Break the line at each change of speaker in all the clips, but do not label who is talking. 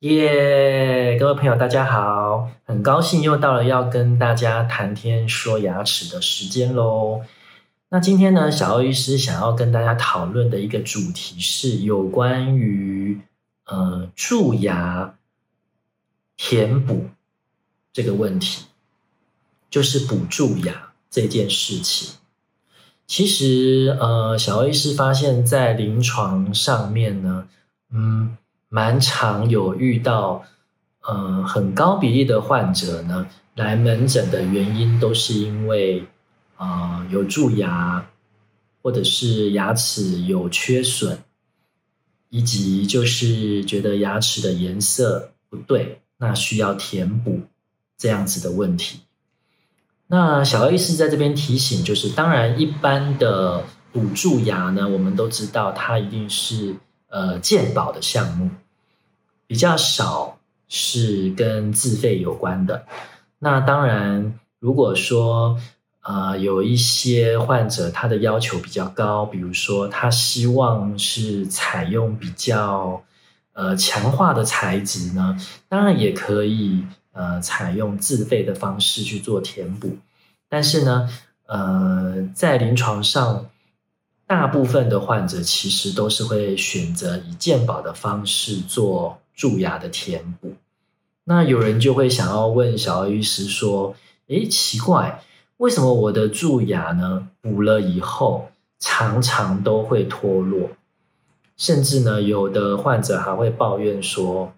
耶，各位朋友，大家好，很高興又到了要跟大家談天說牙齒的時間嘍。那今天呢，小歐醫師想要跟大家討論的一個主題是有關於呃蛀牙填補這個問題，就是補蛀牙這件事情。其實呃，小歐醫師發現，在臨床上面呢，嗯。蠻常有遇到，呃，很高比例的患者呢，來門診的原因都是因為，啊、呃，有蛀牙，或者是牙齒有缺損，以及就是覺得牙齒的顏色不對，那需要填補這樣子的問題。那小醫師在這邊提醒，就是當然一般的補蛀牙呢，我們都知道它一定是。呃，健保的項目比較少，是跟自費有關的。那當然，如果說呃，有一些患者他的要求比較高，比如說他希望是採用比較呃，強化的材質呢，當然也可以呃，採用自費的方式去做填補。但是呢，呃，在臨床上。大部分的患者其實都是會選擇以健保的方式做蛀牙的填補。那有人就會想要問小 E 醫師說：“誒，奇怪，為什麼我的蛀牙呢補了以後常常都會脫落？甚至呢，有的患者還會抱怨說：‘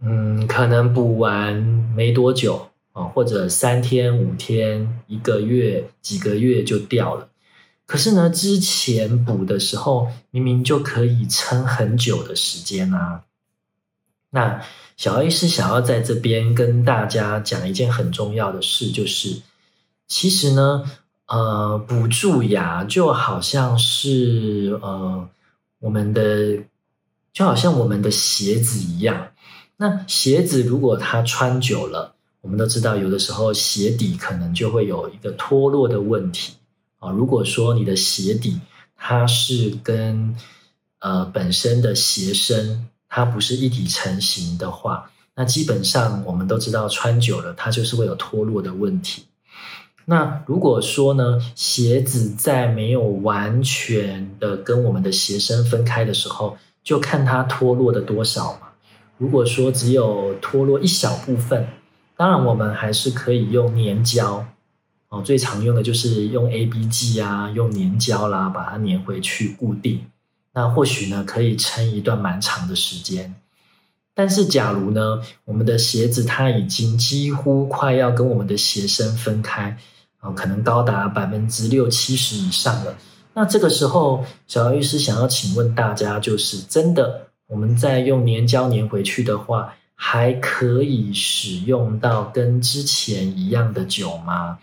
嗯，可能補完沒多久啊，或者三天、五天、一個月、幾個月就掉了。’”可是呢，之前補的時候明明就可以撐很久的時間啊。那小 A 是想要在這邊跟大家講一件很重要的事，就是其實呢，呃，補蛀牙就好像是呃我們的，就好像我們的鞋子一樣。那鞋子如果它穿久了，我們都知道有的時候鞋底可能就會有一個脫落的問題。啊，如果說你的鞋底它是跟呃本身的鞋身它不是一體成型的話，那基本上我們都知道，穿久了它就是會有脫落的問題。那如果說呢，鞋子在沒有完全的跟我們的鞋身分開的時候，就看它脫落的多少嘛。如果說只有脫落一小部分，當然我們還是可以用粘膠。哦，最常用的就是用 A B 膠啊，用粘膠啦，啊，把它粘回去固定。那或許呢，可以撐一段蠻長的時間。但是，假如呢，我們的鞋子它已經幾乎快要跟我們的鞋身分開，哦，可能高達百分之六七十以上了。那這個時候，小姚醫師想要請問大家，就是真的，我們再用粘膠粘回去的話，還可以使用到跟之前一樣的久嗎？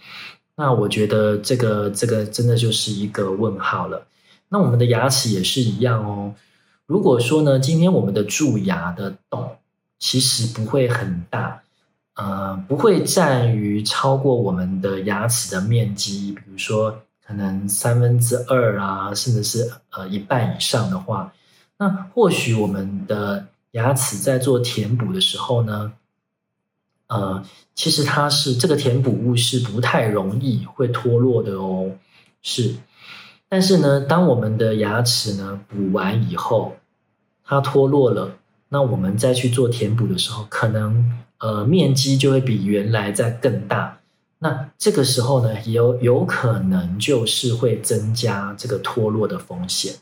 那我覺得這個這個真的就是一個問號了。那我們的牙齒也是一樣哦。如果說呢，今天我們的蛀牙的洞其實不會很大，呃，不會佔於超過我們的牙齒的面積，比如說可能三分之二啊，甚至是呃一半以上的話，那或許我們的牙齒在做填補的時候呢，呃，其實它是這個填補物是不太容易會脫落的哦。是，但是呢，當我們的牙齒呢補完以後，它脫落了，那我們再去做填補的時候，可能呃面積就會比原來再更大。那這個時候呢，有有可能就是會增加這個脫落的風險。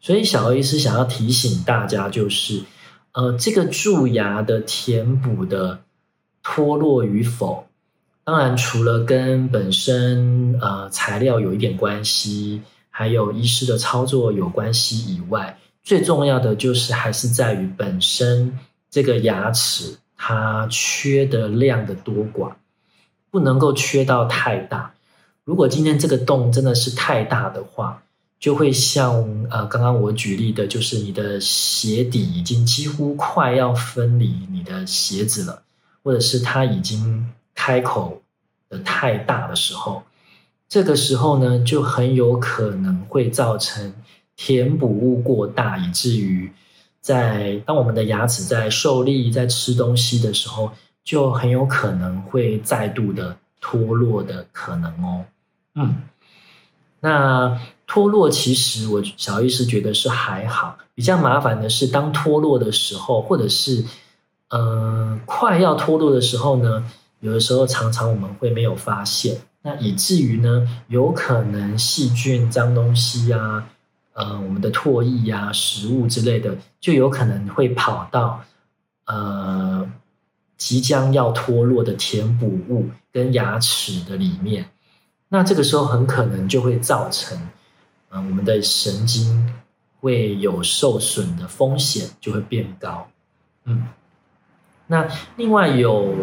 所以，小歐醫師想要提醒大家就是，呃，這個蛀牙的填補的。脫落與否，當然除了跟本身呃材料有一點關係，還有醫師的操作有關係以外，最重要的就是還是在於本身這個牙齒它缺的量的多寡，不能夠缺到太大。如果今天這個洞真的是太大的話，就會像呃剛剛我舉例的，就是你的鞋底已經幾乎快要分離你的鞋子了。或者是它已經開口得太大的時候，這個時候呢就很有可能會造成填補物過大，以至於在當我們的牙齒在受力、在吃東西的時候，就很有可能會再度的脫落的可能哦。嗯，那脫落其實我小醫師覺得是還好，比較麻煩的是當脫落的時候，或者是。呃，快要脫落的時候呢，有的時候常常我們會沒有發現，那以至於呢，有可能細菌、髒東西啊，呃，我們的唾液呀、啊、食物之類的，就有可能會跑到呃即將要脫落的填補物跟牙齒的裡面，那這個時候很可能就會造成呃我們的神經會有受損的風險，就會變高，嗯。那另外有，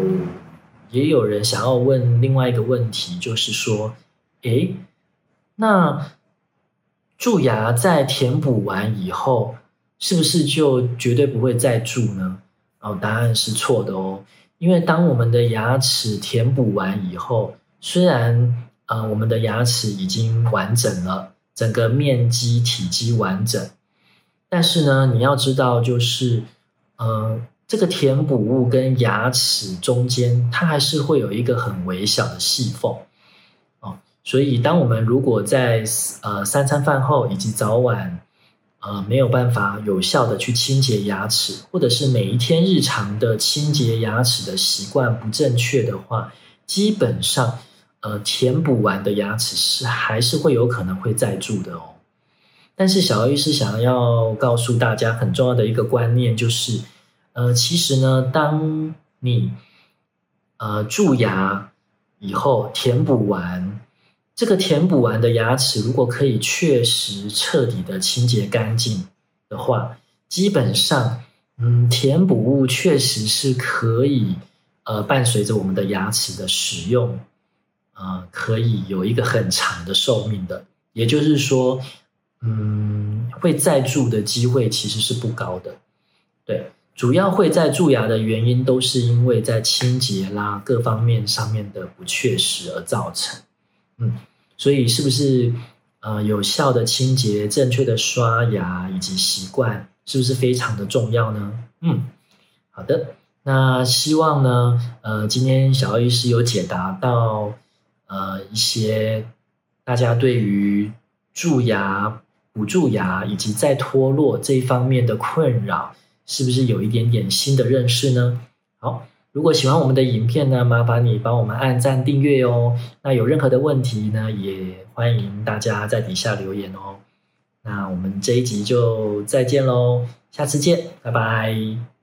也有人想要問另外一個問題，就是說，誒，那蛀牙在填補完以後，是不是就絕對不會再蛀呢？哦，答案是錯的哦，因為當我們的牙齒填補完以後，雖然呃我們的牙齒已經完整了，整個面積體積完整，但是呢，你要知道就是，嗯、呃。這個填補物跟牙齒中間，它還是會有一個很微小的細縫哦。所以，當我們如果在呃三餐飯後以及早晚，呃沒有辦法有效的去清潔牙齒，或者是每一天日常的清潔牙齒的習慣不正確的話，基本上，呃，填補完的牙齒是還是會有可能會再蛀的哦。但是，小玉是想要告訴大家很重要的一個觀念，就是。呃，其實呢，當你呃蛀牙以後填補完，這個填補完的牙齒，如果可以確實徹底的清潔乾淨的話，基本上，嗯，填補物確實是可以呃伴隨着我們的牙齒的使用，呃，可以有一個很長的壽命的。也就是說，嗯，會再蛀的機會其實是不高的，對。主要會在蛀牙的原因，都是因為在清潔啦各方面上面的不確實而造成。嗯，所以是不是呃有效的清潔、正確的刷牙以及習慣，是不是非常的重要呢？嗯，好的。那希望呢，呃，今天小姚醫師有解答到呃一些大家對於蛀牙、補蛀牙以及再脫落這一方面的困擾。是不是有一點點新的認識呢？好，如果喜歡我們的影片呢，麻煩你幫我們按讚訂閱哦。那有任何的問題呢，也歡迎大家在底下留言哦。那我們這一集就再見嘍，下次見，拜拜。